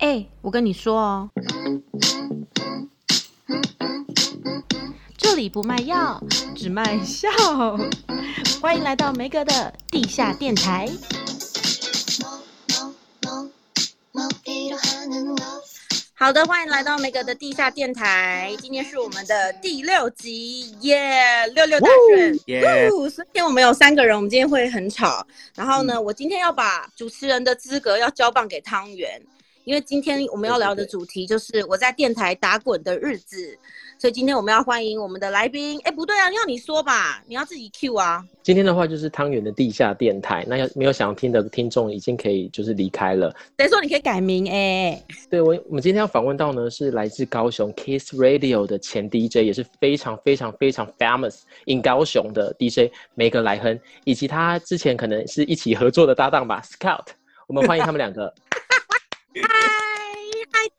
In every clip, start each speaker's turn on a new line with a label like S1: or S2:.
S1: 哎、欸，我跟你說哦，這裡不賣藥，只賣笑。 歡迎來到梅格的地下電台。好的，歡迎來到梅格的地下電台。嗯、今天是我們的第六集，耶、嗯，Yeah! 六六大順。耶，今、yeah. 天我們有三個人，我們今天會很吵。然後呢，嗯、我今天要把主持人的資格要交棒給湯圓。因為今天我們要聊的主題就是我在電台打滾的日子，所以今天我們要歡迎我們的來賓。哎，不對啊，要你說吧，你要自己 Q 啊。
S2: 今天的話就是湯圓的地下電台，那要沒有想要聽的聽眾已經可以就是離開了。
S1: 等於說你可以改名哎、
S2: 欸。對，我我們今天要訪問到呢是來自高雄 Kiss Radio 的前 DJ，也是非常非常非常 famous in 高雄的 DJ 梅格來哼，以及他之前可能是一起合作的搭檔吧 Scott。我們歡迎他們兩個。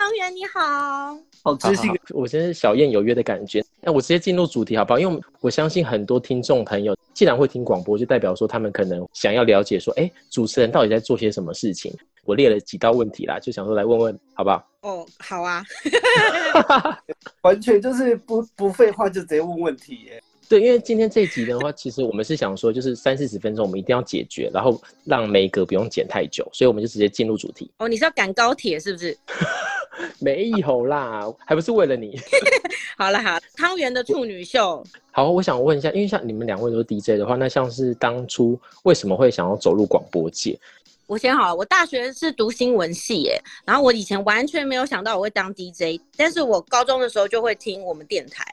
S1: 湯圓你好，好，好，好，這
S2: 是我真是小燕有約的感覺。那我直接進入主題好不好？因為我相信很多聽眾朋友，既然會聽廣播，就代表說他們可能想要了解說，哎、欸，主持人到底在做些什麼事情？我列了幾道問題啦，就想說來問問好不好？哦
S3: ，oh, 好啊， 完全就是不不廢話，就直
S1: 接問問題耶
S2: 對，因為今天這一集的話，其實我們是想說，就是三四十分鐘，我們一定要解決，然後讓梅格不用剪太久，所以我們就直接進入主題。
S1: 哦，你是要趕高鐵是不是？ 沒有啦， 還不是為了你。 好啦，好，湯圓的處女秀。
S2: 好，我想問一下，因為像你們兩位都是 DJ 的話，那像是當初為什麼會想要走入廣播界？
S1: 我先好了，我大學是讀新聞系誒、欸，然後我以前完全沒有想到我會當 DJ，但是我高中的時候就會聽我們電台。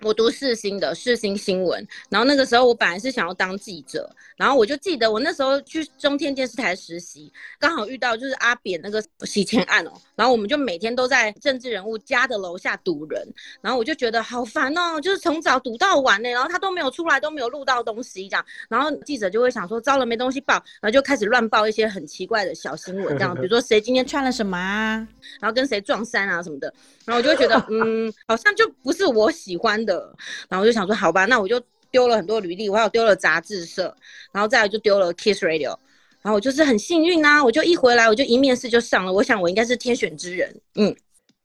S1: 我讀世新的世新新，新聞，然後那個時候我本來是想要當記者，然後我就記得我那時候去中天電視台實習，剛好遇到就是阿扁那個洗錢案哦，然後我們就每天都在政治人物家的樓下堵人，然後我就覺得好煩哦，就是從早堵到晚呢、欸，然後他都沒有出來，都沒有錄到東西這樣，然後記者就會想說糟了沒東西報，然後就開始亂報一些。很奇怪的小新聞，這樣，比如說誰今天穿了什麼啊，然後跟誰撞衫啊什麼的，然後我就會覺得， 嗯，好像就不是我喜歡的，然後我就想說，好吧，那我就丟了很多履歷，我還有丟了雜誌社，然後再來就丟了 Kiss Radio，然後我就是很幸運啊，我就一回來我就一面試就上了，我想我應該是天選之人，嗯。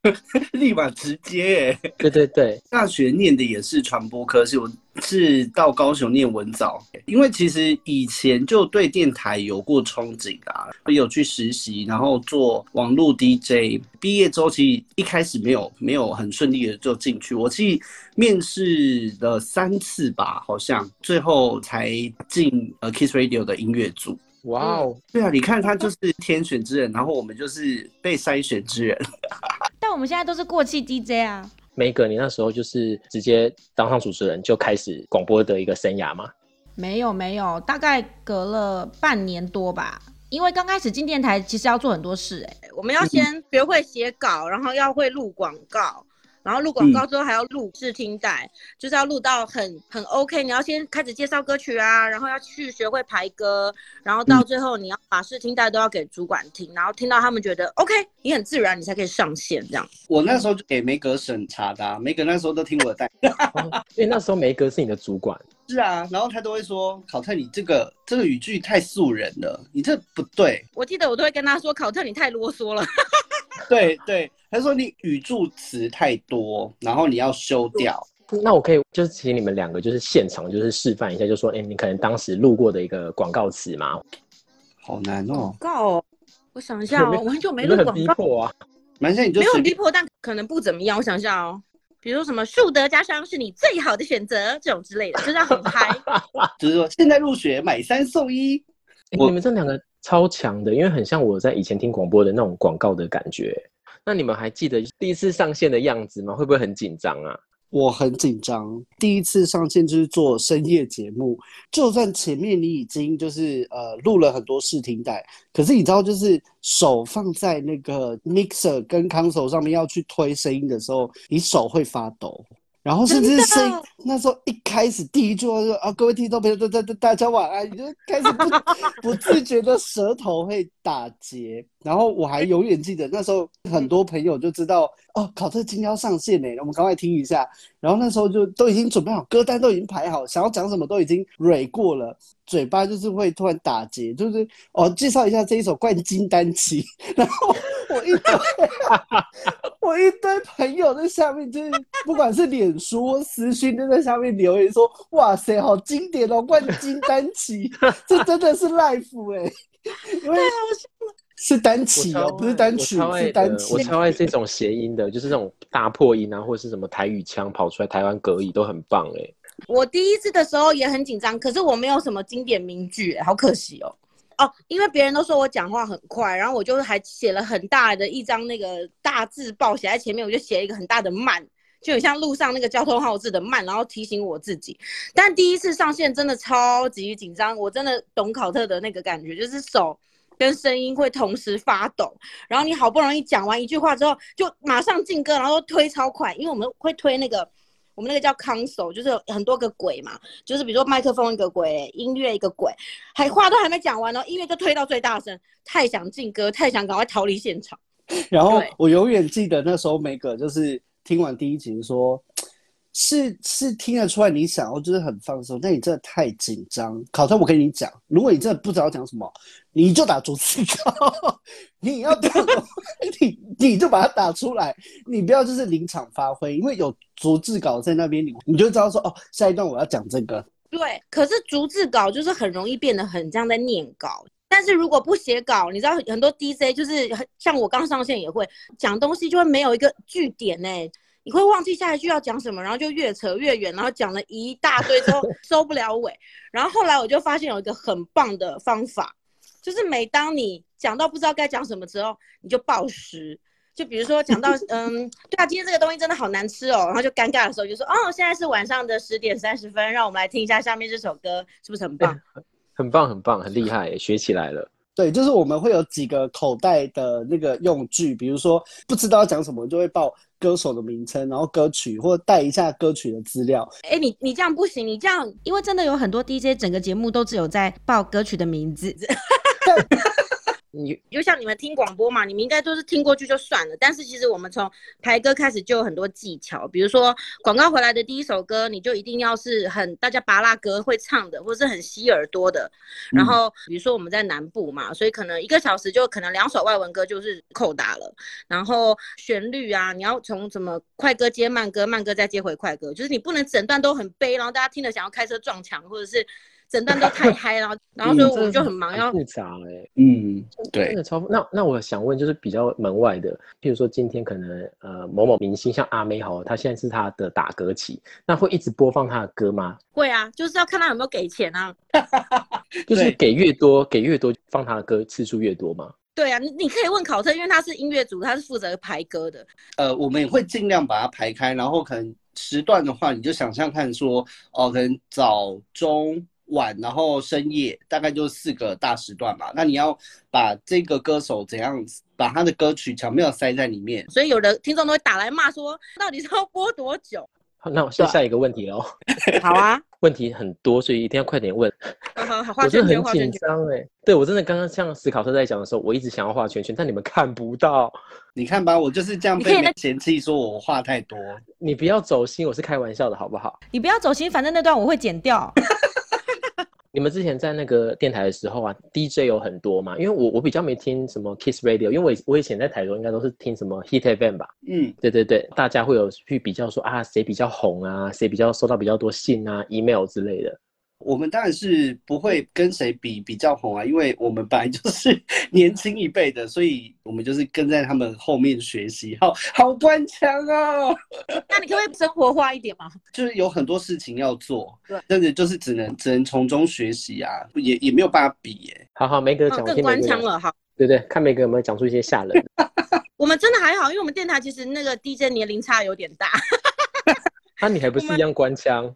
S3: 立馬直接、欸、對對對，大學念的也是傳播科系，我是到高雄念文藻，因為其實以前就對電台有過憧憬啊，有去實習，然後做網絡 DJ。畢業之後其實一開始沒有沒有很順利的就進去，我其實面試了三次吧，好像最後才進呃 Kiss Radio 的音樂組。哇哦、嗯，對啊，你看他就是天選之人，哇然後我們就是被篩選
S2: 之人。嗯
S1: 我們現在都是過氣 DJ 啊！
S2: 梅格，你那時候就是直接當上主持人就開始廣播的一個生涯嗎？
S1: 沒有沒有，大概隔了半年多吧。因為剛開始進電台，其實要做很多事，哎，我們要先學會寫稿，然後要會錄廣告。 然後錄廣告之後還要錄試聽帶，嗯、就是要錄到很很 OK。你要先開始介紹歌曲啊，然後要去學會排歌，然後到最後你要把試聽帶都要給主管聽，嗯、然後聽到他們覺得 OK，你很自然，
S3: 你才可以上線。這樣，我那時候就給梅格審查的、啊，梅格那時候都聽我的帶、 哦，因為那
S2: 時候梅格是你的主管。
S3: 是啊，然後他都會說：“考特，你這個這個語句太素人了，你這不對。”
S1: 我記得我都會跟他說：“考特，你太囉嗦了。 ”
S3: 對對，他說你語助詞太多，然後你要修掉。嗯、
S2: 那我可以就是請你們兩個就是現場就是示範一下，就說哎、欸，你可能當時錄過的一個廣告詞嘛。好難哦、喔，廣
S1: 告、喔，我想一下、喔，我，我就很久沒錄廣告
S2: 啊。你就沒有逼
S1: 迫，但可能不怎麼樣。我想一下哦、喔，比如說什麼樹德家商是你最好的選擇這種之類的，真的很嗨。
S2: 就是說現在入學買三送一，欸、我你們這兩個。超強的，因為很像我在以前聽廣播的那種廣告的感覺。那你們還記得第一次上線的樣子嗎？會不會很緊張啊？我很緊張，
S3: 第一次上線就是做深夜節目，就算前面你已經就是呃錄了很多試聽帶，可是你知道，就是手放在那個 mixer 跟 console 上面要去推聲音的時候，你手會發抖。然後甚至是聲音，那時候一開始第一句話就啊，各位聽眾朋友，大、大、大、大家晚安，你就開始不 不自覺的舌頭會打結。然後我還永遠記得那時候，很多朋友就知道、嗯、哦，考特今天要上線呢，我們趕快聽一下。然後那時候就都已經準備好歌單，都已經排好，想要講什麼都已經 ready 過了，嘴巴就是會突然打結，就是哦，介紹一下這一首冠軍單曲。 然後我一堆， 我一堆朋友在下面，就是不管是臉書、私訊 都在下面留言說：“哇塞，好經典哦，冠軍單曲， 這真的是 life 哎。因為我想 們是單曲哦、啊，不是單曲是單曲。我
S2: 超愛這種諧音的，就是這種大破音啊， 或者是什麼台語腔跑出來，台灣國語都很
S1: 棒哎、欸。我第一次的時候也很緊張，可是我沒有什麼經典名句、欸、好可惜哦。哦，因為別人都說我講話很快，然後我就還寫了很大的一張那個大字報寫在前面，我就寫一個很大的慢，就很像路上那個交通號誌的慢，然後提醒我自己。但第一次上線真的超級緊張，我真的懂考特的那個感覺，就是手。跟聲音會同時發抖，然後你好不容易講完一句話之後，就馬上進歌，然後都推超快，因為我們會推那個，我們那個叫 console 就是很多個軌嘛，就是比如說麥克風一個軌，音樂一個軌，還話都還沒講完呢、哦，音樂就推到最大聲，太想進歌，太想趕快逃離現場。然後
S3: 對我永遠記得那時候，梅格就是聽完第一集說，是是聽得出來你想要就是很放鬆，但你真的太緊張。考特，我跟你講，如果你真的不知道講什麼。你就打逐字稿，你要打，你你就把它打出來，你不要就是臨場發揮，因為有逐字稿在那邊，你你就知道說哦，下一段我要講這個。
S1: 對，可是逐字稿就是很容易變得很這樣在念稿，但是如果不寫稿，你知道很多 DJ 就是像我剛上線也會講東西，就會沒有一個句點哎、欸，你會忘記下一句要講什麼，然後就越扯越遠，然後講了一大堆之後收不了尾， 然後後來我就發現有一個很棒的方法。就是每當你講到不知道該講什麼之後，你就報時。就比如說講到 嗯，對啊，今天這個東西真的好難吃哦，然後就尷尬的時候，就說哦，現在是晚上的十點三十分，讓我們來聽一下下面這首歌是不是很棒？
S2: 欸，很棒，很棒，很棒，很厲害，學起來了。
S3: 對，就是我們會有幾個口袋的那個用具，比如說不知道講什麼就會報歌手的名稱，然後歌曲或帶一下歌曲的資料。
S1: 哎、欸，你你這樣不行，你這樣，因為真的有很多 DJ 整個節目都只有在報歌曲的名字。 你 就像你們聽廣播嘛，你們應該都是聽過去就算了。但是其實我們從排歌開始就有很多技巧，比如說廣告回來的第一首歌，你就一定要是很大家芭樂歌會唱的，或是很吸耳朵的。然後比如說我們在南部嘛，所以可能一個小時就可能兩首外文歌就是扣打了。然後旋律啊，你要從什麼快歌接慢歌，慢歌再接回快歌，就是你不能整段都很悲，然後大家聽了想要開車撞牆，或者是。整段
S2: 都太嗨， 然後然後就我們就很忙，嗯、然複後雜嗯，對，超。那那我想問，就是比較門外的，譬如說今天可能呃某某明星像阿妹好，他現在是他的打歌期，那會一直播放他的歌嗎？
S1: 會啊，就是要看他有沒有給錢啊，
S2: 就是給越多 對給越多，放他的歌次數越多嘛。
S1: 對啊，你可以問考特，因為他是音樂組，他是負責排歌的，
S3: 呃，我們也會儘量把它排開，然後可能時段的話，你就想象看說哦，可能早中。晚，然後深夜，大概就四個大時段吧。那你要把這個歌手怎樣，把他的歌曲巧妙塞在裡面。
S1: 所以有的聽眾都會打來罵說，到底是要播多久？
S2: 好，那我下下一個問題哦。 好啊。問題很多，所以一定要快點問。哈哈、 uh，畫、
S1: huh，圈圈，畫、欸、圈圈對。我真的
S2: 很緊張哎。對，我真的剛剛像史考特在講的時候，我一直想要畫圈圈，但你們看不到。你看吧，我就是這樣。你可以嫌棄說我話太多。你，你不要走心，我是開玩笑的好不好？
S1: 你不要走心，反正那段我會剪掉。
S2: 你們之前在那個電台的時候啊，DJ 有很多嘛，因為我我比較沒聽什麼 Kiss Radio，因為我我以前在台中應該都是聽什麼 Hit Event 吧，嗯，對對對，大家會有去比較說，啊誰比較紅啊，誰比較收到比較多信啊，email 之類的。
S3: 我們當然是不會跟誰比比較紅啊，因為我們本來就是 年輕一輩的，所以我們就是跟在他們後面學習，好好官腔哦。那你
S1: 可以生活化一點嗎？
S3: 就是有很多事情要做，對，但是就是只能只能從中學習啊，也也沒有辦法比耶、
S2: 欸。好好，梅格講更官腔了哈，對，對對，看梅格有沒有講出一些嚇人。
S1: 我們真的還好，因為我們電台其實那個 DJ 年齡差有點大。
S2: 那、啊、你還不是一樣官腔？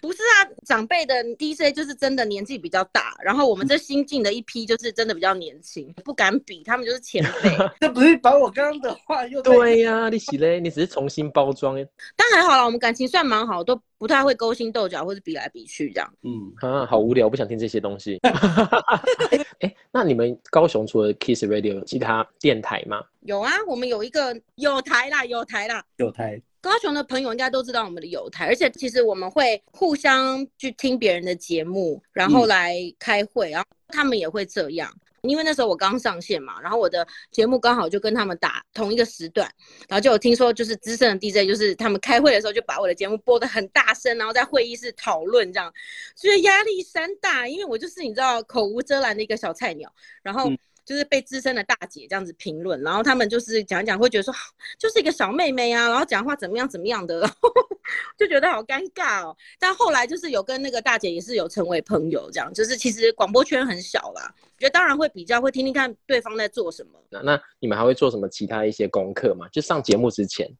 S1: 不是啊，長輩的 DC 就是真的年紀比較大， 然後我們這新進的一批就是真的比較年輕，嗯、不敢比，他們就是前輩。這 不是把我剛剛的話又？對呀、
S2: 啊，你洗嘞，你只是重新包裝耶。
S1: 但還好啦，我們感情算蠻好，都不太會勾心鬥角或是比來比去這樣。
S2: 嗯啊，好無聊，我不想聽這些東西。哎、 欸，那你們高雄除了 Kiss Radio 有其他電台嗎？
S1: 有啊，我們有一個有台啦，有台啦，有台。高雄的朋友，應該都知道我們的友台，而且其實我們會互相去聽別人的節目，然後來開會，嗯、然後他們也會這樣。因為那時候我剛上線嘛，然後我的節目剛好就跟他們打同一個時段，然後就有聽說就是資深的 DJ，就是他們開會的時候就把我的節目播得很大聲，然後在會議室討論這樣，所以壓力山大，因為我就是你知道口無遮攔的一個小菜鳥，然後、嗯。就是被資深的大姐這樣子評論，然後他們就是講一講，會覺得說就是一個小妹妹啊，然後講話怎麼樣怎麼樣的，呵呵，就覺得好尷尬哦。但後來就是有跟那個大姐也是有成為朋友，這樣，就是其實廣播圈很小啦，覺得當然會比較會聽聽看對方在做什麼。那，那
S2: 你們還會做什麼其他一些功課嗎？就上節目之前。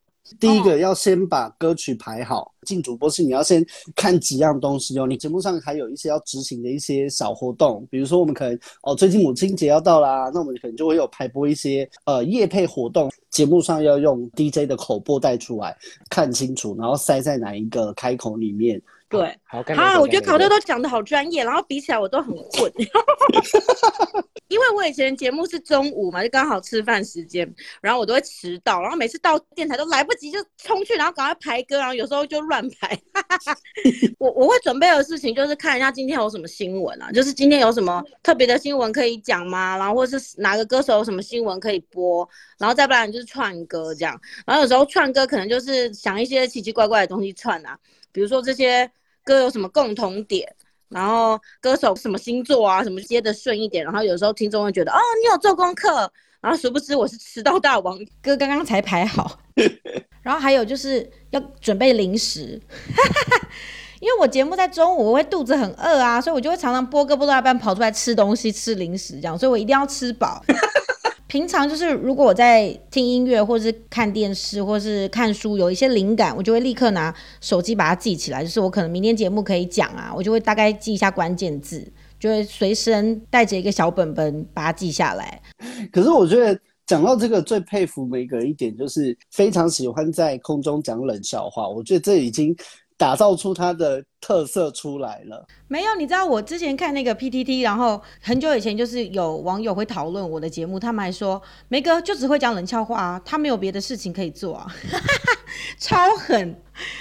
S2: 第一個要先把歌曲排好，進主播室
S3: 你要先看幾樣東西哦。你節目上還有一些要執行的一些小活動，比如說我們可能哦，最近母親節要到啦啊，那我們可能就會有排播一些呃業配活動。節目上要用 DJ 的口播帶出來，看清楚，然後塞在哪一個開口裡面。
S1: 對，好啊，好好，我覺得考特都講得好專業，然後比起來我都很困， 因為我以前節目是中午嘛，就剛好吃飯時間，然後我都會遲到，然後每次到電台都來不及，就衝去，然後趕快排歌，然後有時候就亂排。 我我會準備的事情就是看一下今天有什麼新聞啊，就是今天有什麼特別的新聞可以講嗎？然後或者是哪個歌手有什麼新聞可以播，然後再不然就是。串歌這樣，然後有時候串歌可能就是想一些奇奇怪怪的東西串啊，比如說這些歌有什麼共同點，然後歌手什麼星座啊，什麼接得順一點，然後有時候聽眾會覺得哦，你有做功課，然後殊不知我是遲到大王，歌剛剛才排好。 然後還有就是要準備零食， 因為我節目在中午，我會肚子很餓啊，所以我就會常常播個播到一半跑出來吃東西吃零食這樣，所以我一定要吃飽。 平常就是，如果我在聽音樂，或是看電視，或是看書，有一些靈感，我就會立刻拿手機把它記起來。就是我可能明天節目可以講啊，我就會大概記一下關鍵字，就會隨身帶着一個小本本把它記下來。
S3: 可是我覺得講到這個，最佩服梅格一,一點就是非常喜歡在空中講冷笑話。我覺得這已經。打造出它的特色出來了，
S1: 沒有？你知道我之前看那個 P T T，然後很久以前就是有網友會討論我的節目，他們還說梅格就只會講冷笑話啊，他沒有別的事情可以做啊， 超狠！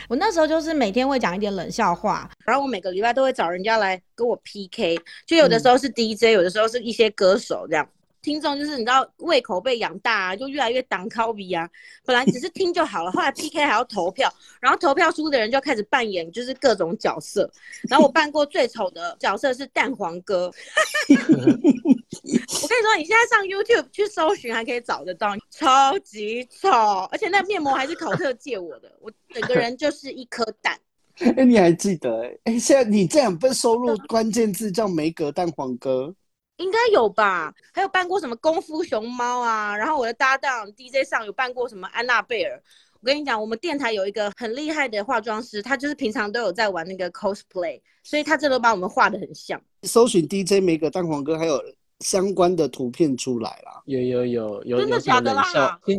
S1: 我那時候就是每天會講一點冷笑話，然後我每個禮拜都會找人家來跟我 P K，就有的時候是 D J，嗯，有的時候是一些歌手這樣。聽眾就是你知道胃口被養大，啊，就越來越擋靠比啊！本來只是聽就好了，後來 PK 還要投票，然後投票輸的人就要開始扮演，就是各種角色。然後我扮過最醜的角色是蛋黃哥，我跟你說，你現在上 YouTube 去搜尋還可以找得到，超級醜，而且那面膜還是考特借我的，我整個人就是一顆蛋。哎
S3: 欸、你還記得、欸？哎、欸，現在你這樣份輸入關鍵字叫梅格蛋黃哥。
S1: 應該有吧，還有扮過什麼功夫熊貓啊，然後我的搭檔 DJ 上有扮過什麼安娜貝爾。我跟你講，我們電台有一個很厲害的化妝師，他就是平常都有在玩那個 cosplay，所以他這都把我們畫得很像。
S3: 搜尋 DJ 梅格、蛋黃哥，還有。相關的圖片出來啦！有有有有，有有有，真的假的啦？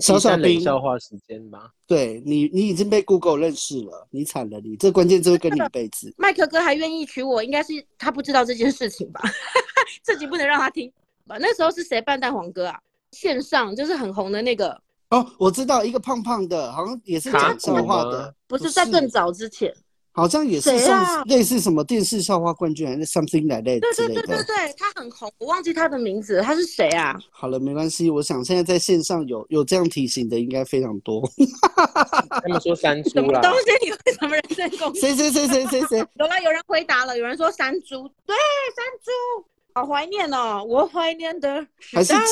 S3: 小小兵笑話
S2: 時間嗎？曉
S3: 曉對你，你已經被 Google 認識了，你慘了，你這關鍵就會跟你一輩子。
S1: 麥克哥還願意娶我，應該是他不知道這件事情吧？ 自己不能讓他聽。那時候是誰扮蛋黃哥啊？線上就是很紅的那個哦，
S3: 我知道一個胖胖的，好像也是講笑話的，
S1: 不是，不是在更早之前。
S3: 好像也是像，啊、類似什麼電視笑話冠軍還是 something 來、like、類之類的。對對對對
S1: 對，他很紅，我忘記他的名字，他是誰啊？
S3: 好了，沒關係，我想現在在線上有有這樣提醒的應該非常多。 他們說山豬了。什麼東
S1: 西你為什麼人身攻擊？誰誰誰誰誰誰？有了，有人回答了，有人說山豬，對山豬，好懷念哦，我懷念的還是山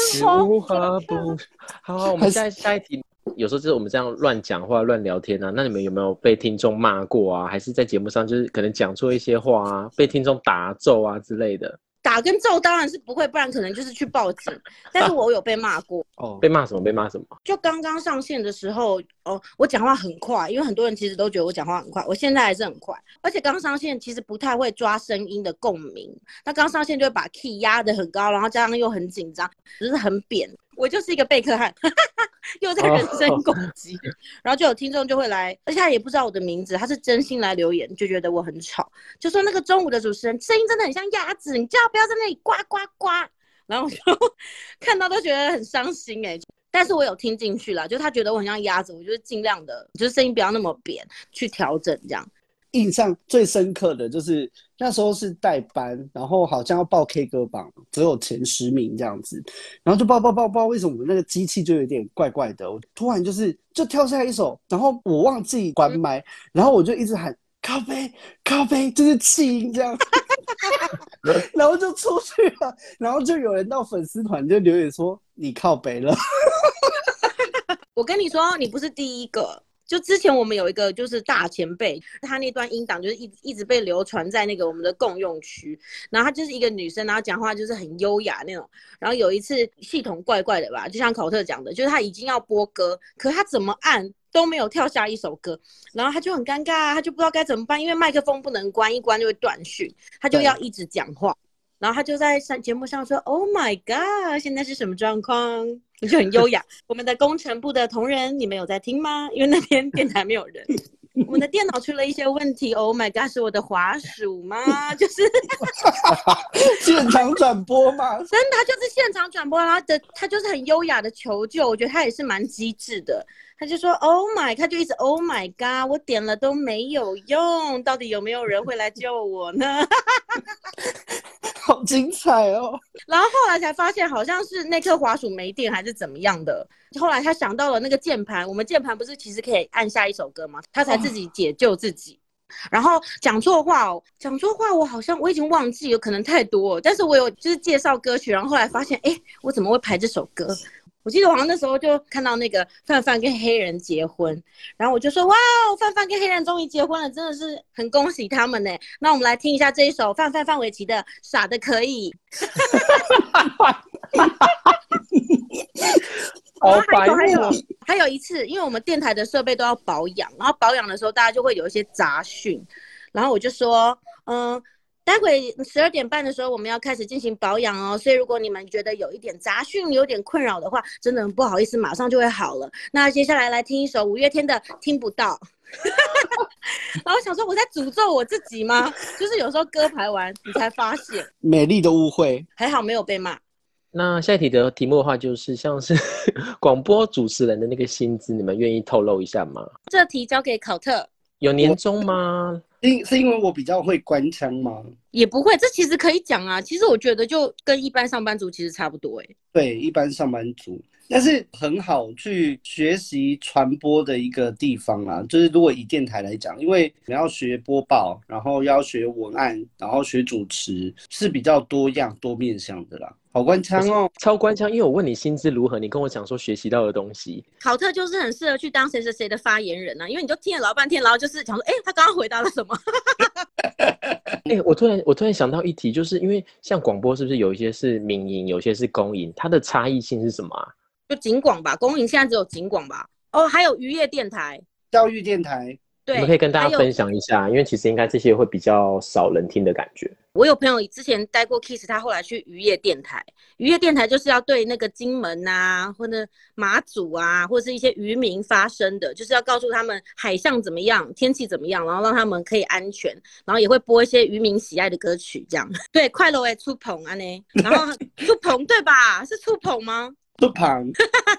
S2: 不紅好，好，
S1: 是我們下
S2: 下一題。有時候就是我們這樣亂講話、亂聊天啊，那你們有沒有被聽眾罵過啊還是在節目上就是可能講錯一些話啊，被聽眾打咒啊之類的？
S1: 打跟咒當然是不會，不然可能就是去報警。 但是我有被罵過
S2: 哦，被罵什麼？被罵什麼？
S1: 就剛剛上線的時候哦，我講話很快，因為很多人其實都覺得我講話很快，我現在還是很快，而且剛上線其實不太會抓聲音的共鳴，那剛上線就會把 key 壓得很高，然後加上又很緊張，就是很扁。我就是一個貝克漢。 又在人身攻擊，然後就有聽眾就會來，而且他也不知道我的名字，他是真心來留言，就覺得我很吵，就說那個中午的主持人聲音真的很像鴨子，你叫不要在那裡呱呱呱。然後我就看到都覺得很傷心欸，但是我有聽進去了，就他覺得我很像鴨子，我就盡量的，就是聲音不要那麼扁，去調整這樣。印
S3: 象最深刻的就是那時候是代班，然後好像要報 K 歌榜，只有前十名這樣子，然後就報報報報，為什麼我那個機器就有點怪怪的？我突然就是就跳下一首，然後我忘記關麥，嗯、然後我就一直喊咖啡咖啡，就是氣音這樣子， 然後就出去了，然後就有人到粉絲團就留言說你靠北了，
S1: 我跟你說你不是第一個。就之前我們有一個就是大前輩，他那段音檔就是一一直被流傳在那個我們的共用區。然後他就是一個女生，然後講話就是很優雅那種。然後有一次系統怪怪的吧，就像考特講的，就是他已經要播歌，可他怎麼按都沒有跳下一首歌。然後他就很尷尬，他就不知道該怎麼辦，因為麥克風不能關，一關就會斷續。他就要一直講話。然後他就在上節目上說：“Oh my god，現在是什麼狀況？”就很優雅。 我們的工程部的同仁，你們有在聽嗎？因為那邊電台沒有人， 我們的電腦出了一些問題。Oh my god，是我的滑鼠嗎？嗎 就是現場轉播嘛，真的就是現場轉播，他的他就是很優雅的求救，我覺得他也是蠻機智的。他就說：“Oh my！” 他就一直 “Oh my god！” 我點了都沒有用，到底有沒有人會來救我呢？ 好精彩哦！然後後來才發現，好像是那顆滑鼠沒電還是怎麼樣的。後來他想到了那個鍵盤，我們鍵盤不是其實可以按下一首歌嗎？他才自己解救自己。Oh. 然後講錯話哦，講錯話，我好像我已經忘記，有可能太多。但是我有就是介紹歌曲，然後後來發現，哎，我怎麼會排這首歌？我記得好像那時候就看到那個范范跟黑人結婚，然後我就說，哇，范范跟黑人終於結婚了，真的是很恭喜他們呢。那我們來聽一下這一首范范范瑋琪的《傻的可以》，
S3: 哈哈哈哈哈哈，還有
S1: 還有一次，因為我們電台的設備都要保養，然後保養的時候大家就會有一些雜訊，然後我就說嗯。待會十二點半的時候，我們要開始進行保養哦。所以如果你們覺得有一點雜訊、有點困擾的話，真的很不好意思，馬上就會好了。那接下來來聽一首五月天的《聽不到》， 然後想說我在詛咒我自己嗎？ 就是有時候歌排完，你才發現
S2: 美麗的誤會，
S1: 還好沒有被罵。
S2: 那下一題的題目的話，就是像是 廣播主持人的那個薪資，你們願意透露一下嗎？
S1: 這題交給考特。
S2: 有年終嗎？是是因為我比較會官腔嗎？
S1: 也不會，這其實可以講啊。其實我覺得就跟一般上班族其實差不多哎、欸。
S3: 對，一般上班族，但是很好去學習傳播的一個地方啊，就是如果以電台來講，因為你要學播報，然後要學文案，然後學主持，是比較多樣多面向的
S2: 啦。好官腔哦、喔，超官腔，因為我問你薪資如何，你跟我講說學習到的東西，
S1: 考特就是很適合去當誰誰誰的發言人啊，因為你就聽了老半天，然後就是想說，哎、欸，他剛剛回答了什麼？
S2: 哎、 欸，我突然我突然想到一題，就是因為像廣播是不是有一些是民營，有些是公營，它的差異性是什麼啊？
S1: 就警廣吧，公營現在只有警廣吧？哦、oh，還有漁業電台、教育電台。對我們可以跟大家分享
S2: 一下，有因為其實應該這些會比較少人聽的感覺。
S1: 我有朋友之前待過 Kiss，他後來去漁業電台。漁業電台就是要對那個金門啊，或者馬祖啊，或者是一些漁民發聲的，就是要告訴他們海象怎麼樣，天氣怎麼樣，然後讓他們可以安全，然後也會播一些漁民喜愛的歌曲這樣。對，快樂哎，觸碰啊呢，然後觸 碰對吧？是觸碰嗎？
S3: 觸碰。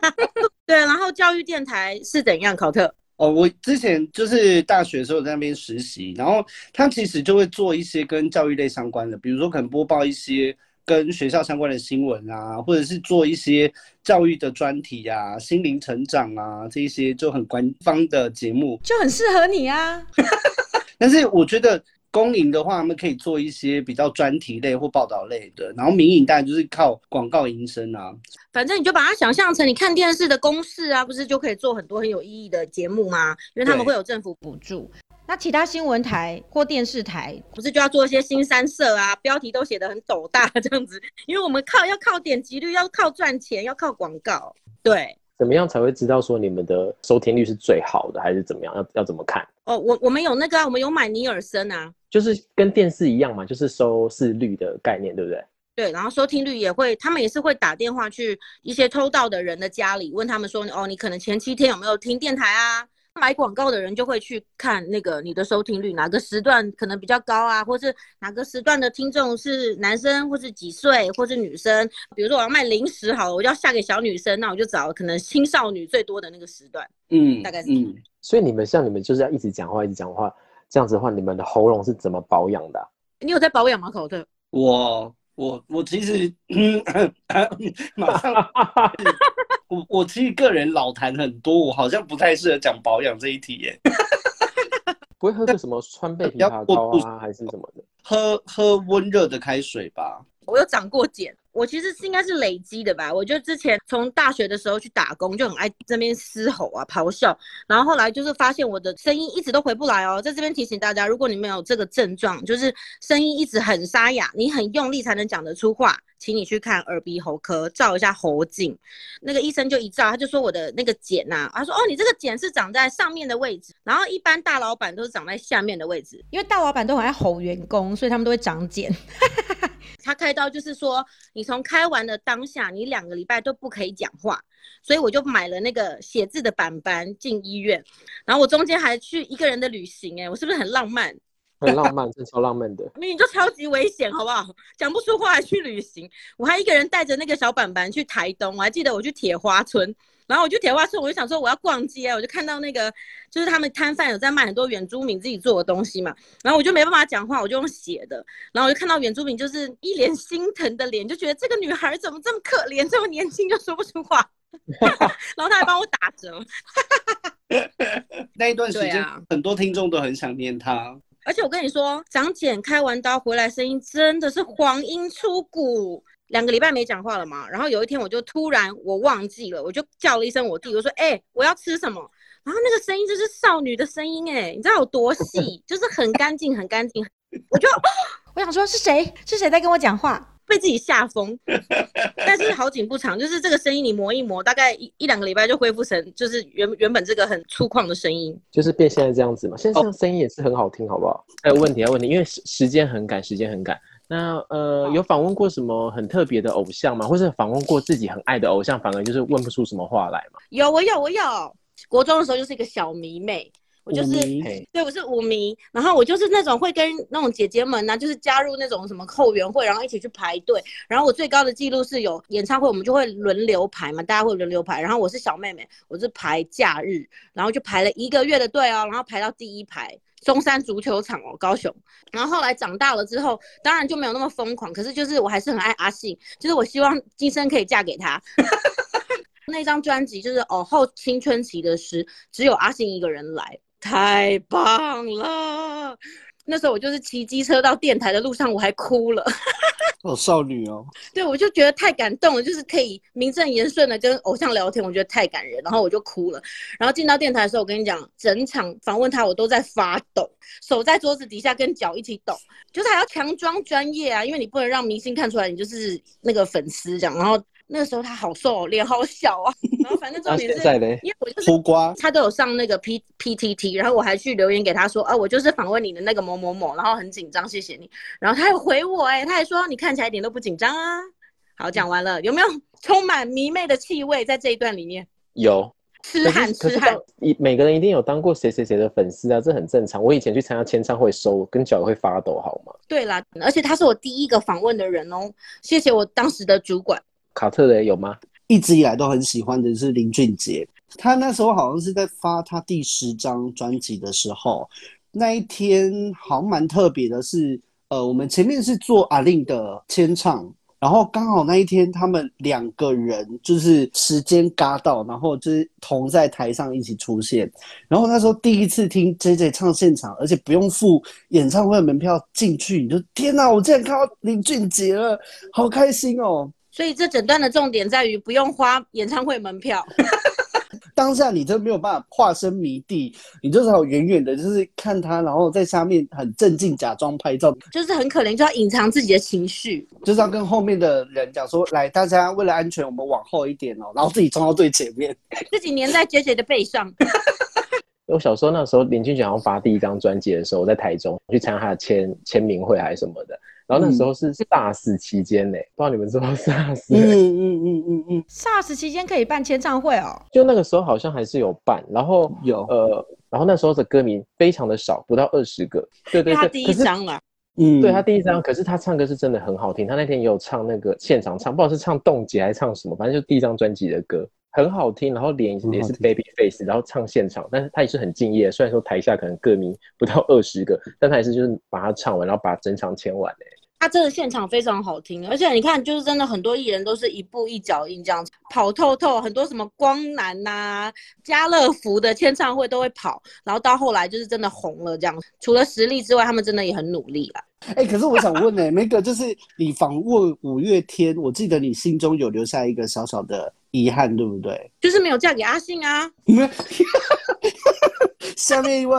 S1: 對，然後教育電台
S3: 是怎樣，考特？Oh, 我之前就是大學的時候在那邊實習，然後他其實就會做一些跟教育類相關的，比如說可能播報一些跟學校相關的新聞啊，或者是做一些教育的專題呀、啊、心靈成長啊這一些就很官方的節目，
S1: 就很適合你啊。
S3: 但是我覺得。公營的話，他們可以做一些比較專題類或報道類的，然後民營當然就是靠廣告營生啊。
S1: 反正你就把它想象成你看電視的公視啊，不是就可以做很多很有意義的節目嗎？因為他們會有政府補助。對那其他新聞台或電視台不是就要做一些腥羶色啊，標題都寫得很斗大這樣子，因為我們靠要靠點擊率，要靠賺錢，要靠廣告。對，
S2: 怎麼樣才會知道說你們的收聽率是最好的，還是怎麼樣？要要怎麼看？
S1: 哦，我我們有那個、啊，我們有買尼爾森啊。
S2: 就是跟電視一樣嘛，就是收視率的概念，對不對？
S1: 對，然後收聽率也會，他們也是會打電話去一些偷盜的人的家裡，問他們說，哦，你可能前七天有沒有聽電臺啊？買廣告的人就會去看那個你的收聽率，哪個時段可能比較高啊，或是哪個時段的聽眾是男生，或是幾歲，或是女生。比如說我要賣零食，好了，我就要下給小女生，那我就找可能青少女最多的那個時段，嗯，
S2: 大概是，嗯。所以你們像你們就是要一直講話，一直講話。這樣子的話，你們的喉嚨是怎麼保養的、
S1: 啊欸？你有在保養嗎，考特？
S2: 我我我其實、
S3: 嗯呃呃、馬上啊， 我我其實個人老痰很多，我好像不太適合講保養這一題耶。
S2: 不會喝個什麼川貝枇杷
S3: 膏啊，還是什麼的？喝喝溫熱的開水吧。
S1: 我有長過繭。我其實是應該是累積的吧，我就之前從大學的時候去打工，就很愛這邊嘶吼啊、咆哮，然後後來就是發現我的聲音一直都回不來哦，在這邊提醒大家，如果你們有這個症狀，就是聲音一直很沙啞，你很用力才能講得出話。請你去看耳鼻喉科，照一下喉鏡。那個醫生就一照，他就說我的那個繭吶，啊，他說哦，你這個繭是長在上面的位置，然後一般大老闆都是長在下面的位置，因為大老闆都很愛吼員工，所以他們都會長繭。 他開刀就是說，你從開完的當下，你兩個禮拜都不可以講話，所以我就買了那個寫字的板板進醫院，然後我中間還去一個人的旅行哎，我是不是很浪漫？
S2: 很浪漫， 真的超浪漫的。明
S1: 明就超級危險，好不好？講不出話還去旅行，我還一個人帶着那個小板板去台東。我還記得我去鐵花村，然後我就鐵花村，我就想說我要逛街，我就看到那個就是他們攤販有在賣很多原住民自己做的東西嘛。然後我就沒辦法講話，我就用寫的。然後我就看到原住民就是一臉心疼的臉，就覺得這個女孩怎麼這麼可憐，這麼年輕就說不出話，哇 然後他還幫我打折。 那一段時間，
S3: 啊、很多聽眾都很想念他。
S1: 而且我跟你說，長姐開完刀回來，聲音真的是黃鶯出谷。兩個禮拜沒講話了嘛，然後有一天我就突然我忘記了，我就叫了一聲我弟，我說：“哎、欸，我要吃什麼？”然後那個聲音就是少女的聲音、欸，哎，你知道有多細，就是很乾淨很乾淨， 我就我想說是誰，是誰在跟我講話。被自己嚇瘋，但是好景不長，就是這個聲音你磨一磨，大概一一兩個禮拜就恢復成就是原原本這個很粗獷的聲音，
S2: 就是變現在這樣子嘛。現在這聲音也是很好聽，好不好？Oh. 還有問題，還有問題，因為時間很趕，時間很趕。那呃，Oh. 有訪問過什麼很特別的偶像嗎？或是訪問過自己很愛的偶像，反而就是問不出什麼話來嗎？
S1: 有，我有，我有。國中的時候就是一個小迷妹。我就是，對，我是五迷。然後我就是那種會跟那種姐姐們呢、啊，就是加入那種什麼後援會，然後一起去排隊。然後我最高的記錄是有演唱會，我們就會輪流排嘛，大家會輪流排。然後我是小妹妹，我是排假日，然後就排了一個月的隊哦，然後排到第一排，中山足球場哦，高雄。然後後來長大了之後，當然就沒有那麼瘋狂，可是就是我還是很愛阿信，就是我希望今生可以嫁給他。 那張專輯就是哦，《後青春期的詩》，只有阿信一個人來。太棒了！那時候我就是騎機車到電台的路上，我還哭了。 哦，少女哦，對，我就覺得太感動了，就是可以名正言順的跟偶像聊天，我覺得太感人，然後我就哭了。然後進到電台的時候，我跟你講，整場訪問他，我都在發抖，手在桌子底下跟腳一起抖，就是還要強裝專業啊，因為你不能讓明星看出來你就是那個粉絲這樣，然後。那時候他好瘦、哦，臉好小啊。然後反
S2: 正
S3: 重點是， 在呢因為我就是
S1: 瓜他都有上那個 P P T T，然後我還去留言給他說啊，我就是訪問你的那個某某某，然後很緊張，謝謝你。然後他還回我、欸，哎，他還說你看起來一點都不緊張啊。好，講完了，有沒有充滿迷妹的氣味在這一段裡面？
S2: 有，痴漢痴漢。一每個人一定有當過誰誰誰的粉絲啊，這很正常。我以前去參加簽唱會收，手跟腳也會發抖好，好嗎？
S1: 對啦，而且他是我第一個訪問的人哦，謝謝我當時的主管。
S3: 卡特雷有嗎？一直以來都很喜歡的是林俊傑，他那時候好像是在發他第十張專輯的時候，那一天好像蠻特別的是，是呃我們前面是做 A-Lin 的簽唱，然後剛好那一天他們兩個人就是時間嘎到，然後就是同在台上一起出現，然後那時候第一次聽 JJ 唱現場，而且不用付演唱會的門票進去，你就天哪，我竟然看到林俊傑了，好開心哦！
S1: 所以這整段的重點在於不用花演唱會門票。
S3: 當下你都沒有辦法化身迷弟，你就是好遠遠的，就是看他，然後在下面很鎮靜，假裝拍照，
S1: 就是很可憐就要隱藏自己的情緒，
S3: 就是要跟後面的人講說：“來，大家為了安全，我們往後一點哦。”然
S1: 後自己
S2: 衝到最前
S3: 面，
S1: 自己粘在傑傑的背上。
S2: 我 小時候那時候，林俊傑要發第一張專輯的時候，我在台中去參加他的簽簽名會還是什麼的。然後那時候是薩、嗯、SARS 期間呢、欸，不知道你們知不知道 SARS？嗯嗯嗯嗯嗯。嗯嗯嗯嗯、
S1: SARS 期間可以辦簽唱會哦，喔，
S2: 就那個時候好像還是有辦，然後有，有呃，然後那時候的歌迷非常的少，不到二十個。對對對，他第一張了。是嗯，對他第一張，嗯、可是他唱歌是真的很好聽，他那天也有唱那個現場唱，不知道是唱凍結還是唱什麼，反正就第一張專輯的歌。很好聽，然後臉也是 baby face，然後唱現場，但是他也是很敬業，雖然說台下可能歌迷不到二十個，但他也是就是把它唱完，然後把整場簽完誒。
S1: 他真的現場非常好聽，而且你看，就是真的很多藝人都是一步一腳印這樣跑透透，很多什麼光南吶、啊、家樂福的簽唱會都會跑，然後到後來就是真的紅了這樣。除了實力之外，他們真的也很努力啦。哎
S3: 欸，可是我想問呢、欸、梅格、那個就是你訪問五月天，我記得你心中有留下一個小小的。遺憾對不對？
S1: 就是沒有嫁給阿信啊。 下面一位，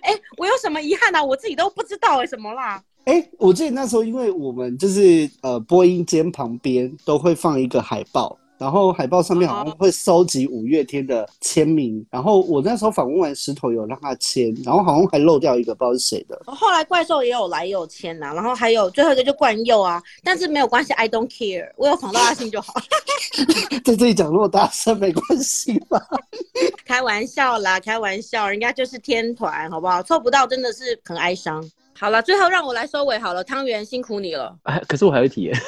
S1: 哎，我有什麼遺憾呢？我自己都不知道為什麼啦。
S3: 哎，我記得那時候，因為我們就是呃，播音間旁邊都會放一個海報。然後海報上面好像會收集五月天的簽名，oh. 然後我那時候訪問完石頭有讓他簽，然後好像還漏掉一個，不知道是誰的。
S1: 後來怪獸也有來也有簽吶、啊，然後還有最後一個就冠佑啊，但是沒有關係，I don't care，我有訪到阿信就好了。
S3: 在這裡講那麼大聲沒關係吧？
S1: 開玩笑啦，開玩笑，人家就是天團，好不好？湊不到真的是很哀傷。好了，最後讓我來收尾好了，湯圓辛苦你了。
S2: 哎，可是我還會體驗，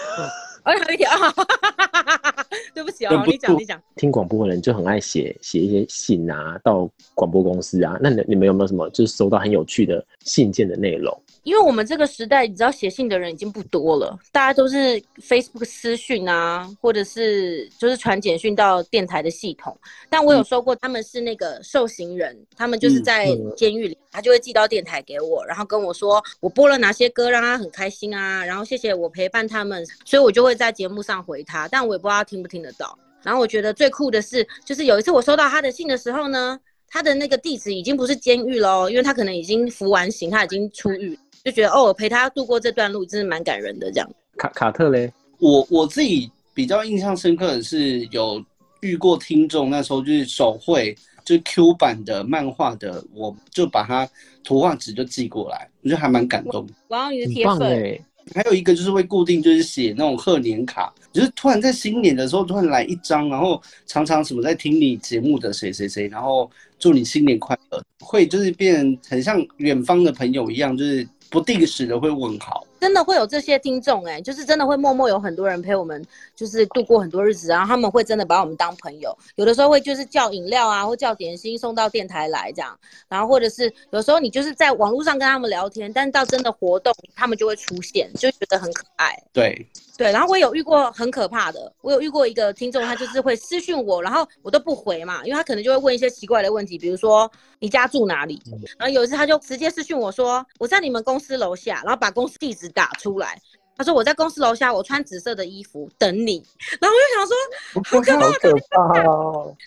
S1: 我還有一驗啊。 對不起哦，你講你講，
S2: 聽廣播的人就很愛寫寫一些信啊，到廣播公司啊。那你，你們有沒有什麼就是收到很有趣的信件的內容？
S1: 因為我們這個時代，你知道寫信的人已經不多了，大家都是 Facebook 私訊啊，或者是就是傳簡訊到電台的系統。但我有說過，他們是那個受刑人，他們就是在監獄裡，他就會寄到電台給我，然後跟我說我播了哪些歌讓他很開心啊，然後謝謝我陪伴他們，所以我就會在節目上回他，但我也不知道聽不聽得到。然後我覺得最酷的是，就是有一次我收到他的信的時候呢，他的那個地址已經不是監獄嘍，因為他可能已經服完刑，他已經出獄。就覺得哦，我陪他度過這段路真是蠻感人的。這樣
S3: 卡卡特嘞，我我自己比較印象深刻的是有遇過聽眾，那時候就是手繪，就是 Q 版的漫畫的，我就把他圖畫紙就寄過來，我覺得還蠻感動。
S1: 哇，你的鐵粉！
S3: 欸、還有一個就是會固定就是寫那種賀年卡，就是突然在新年的時候突然來一張，然後常常什麼在聽你節目的誰誰誰，然後祝你新年快樂，會就是變很像遠方的朋友一樣，就是。不定時的會問好。
S1: 真的會有這些聽眾哎、欸,就是真的會默默有很多人陪我們，就是度過很多日子，然後他們會真的把我們當朋友，有的時候會就是叫飲料啊，或叫點心送到電台來這樣，然後或者是有時候你就是在網絡上跟他們聊天，但到真的活動他們就會出現，就覺得很可愛。對對，然後我有遇過很可怕的，我有遇過一個聽眾，他就是會私訊我，然後我都不回嘛，因為他可能就會問一些奇怪的問題，比如說你家住哪裡？嗯、然後有一次他就直接私訊我說我在你們公司樓下，然後把公司地址。打出來，他說我在公司樓下，我穿紫色的衣服等你。然後我就想說，不好可怕！好可怕，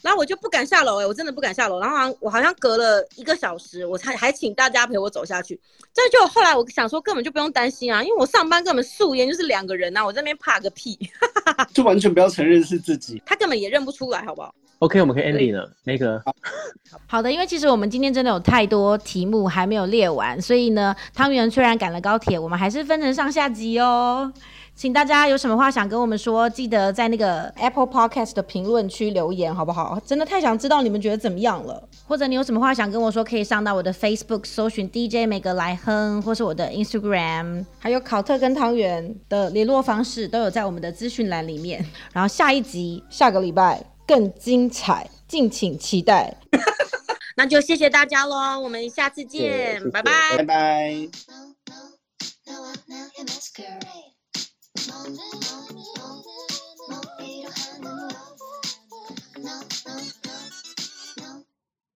S1: 然後我就不敢下樓哎、欸，我真的不敢下樓。然後我好像隔了一個小時，我才還請大家陪我走下去。這就後來我想說，根本就不用擔心啊，因為我上班根本素顏就是兩個人吶、啊，我在那邊怕個屁，
S3: 就完全不要承認是自己，
S1: 他根本也認不出來，好不好？
S3: OK，我們可以 end 了，梅
S1: 格 Okay. a。好的，因為其實我們今天真的有太多題目還沒有列完，所以呢，湯圓雖然趕了高鐵，我們還是分成上下集哦。請大家有什麼話想跟我們說，記得在那個 Apple Podcast 的評論區留言，好不好？真的太想知道你們覺得怎麼樣了。或者你有什麼話想跟我說，可以上到我的 Facebook 搜尋 DJ 梅格萊亨，或是我的 Instagram，還有考特跟湯圓的聯絡方式都有在我們的資訊欄裡面。然後下一集，下個禮拜。更精彩，敬請期待。 那就謝謝大家嘍，我們下次見，拜拜，拜拜。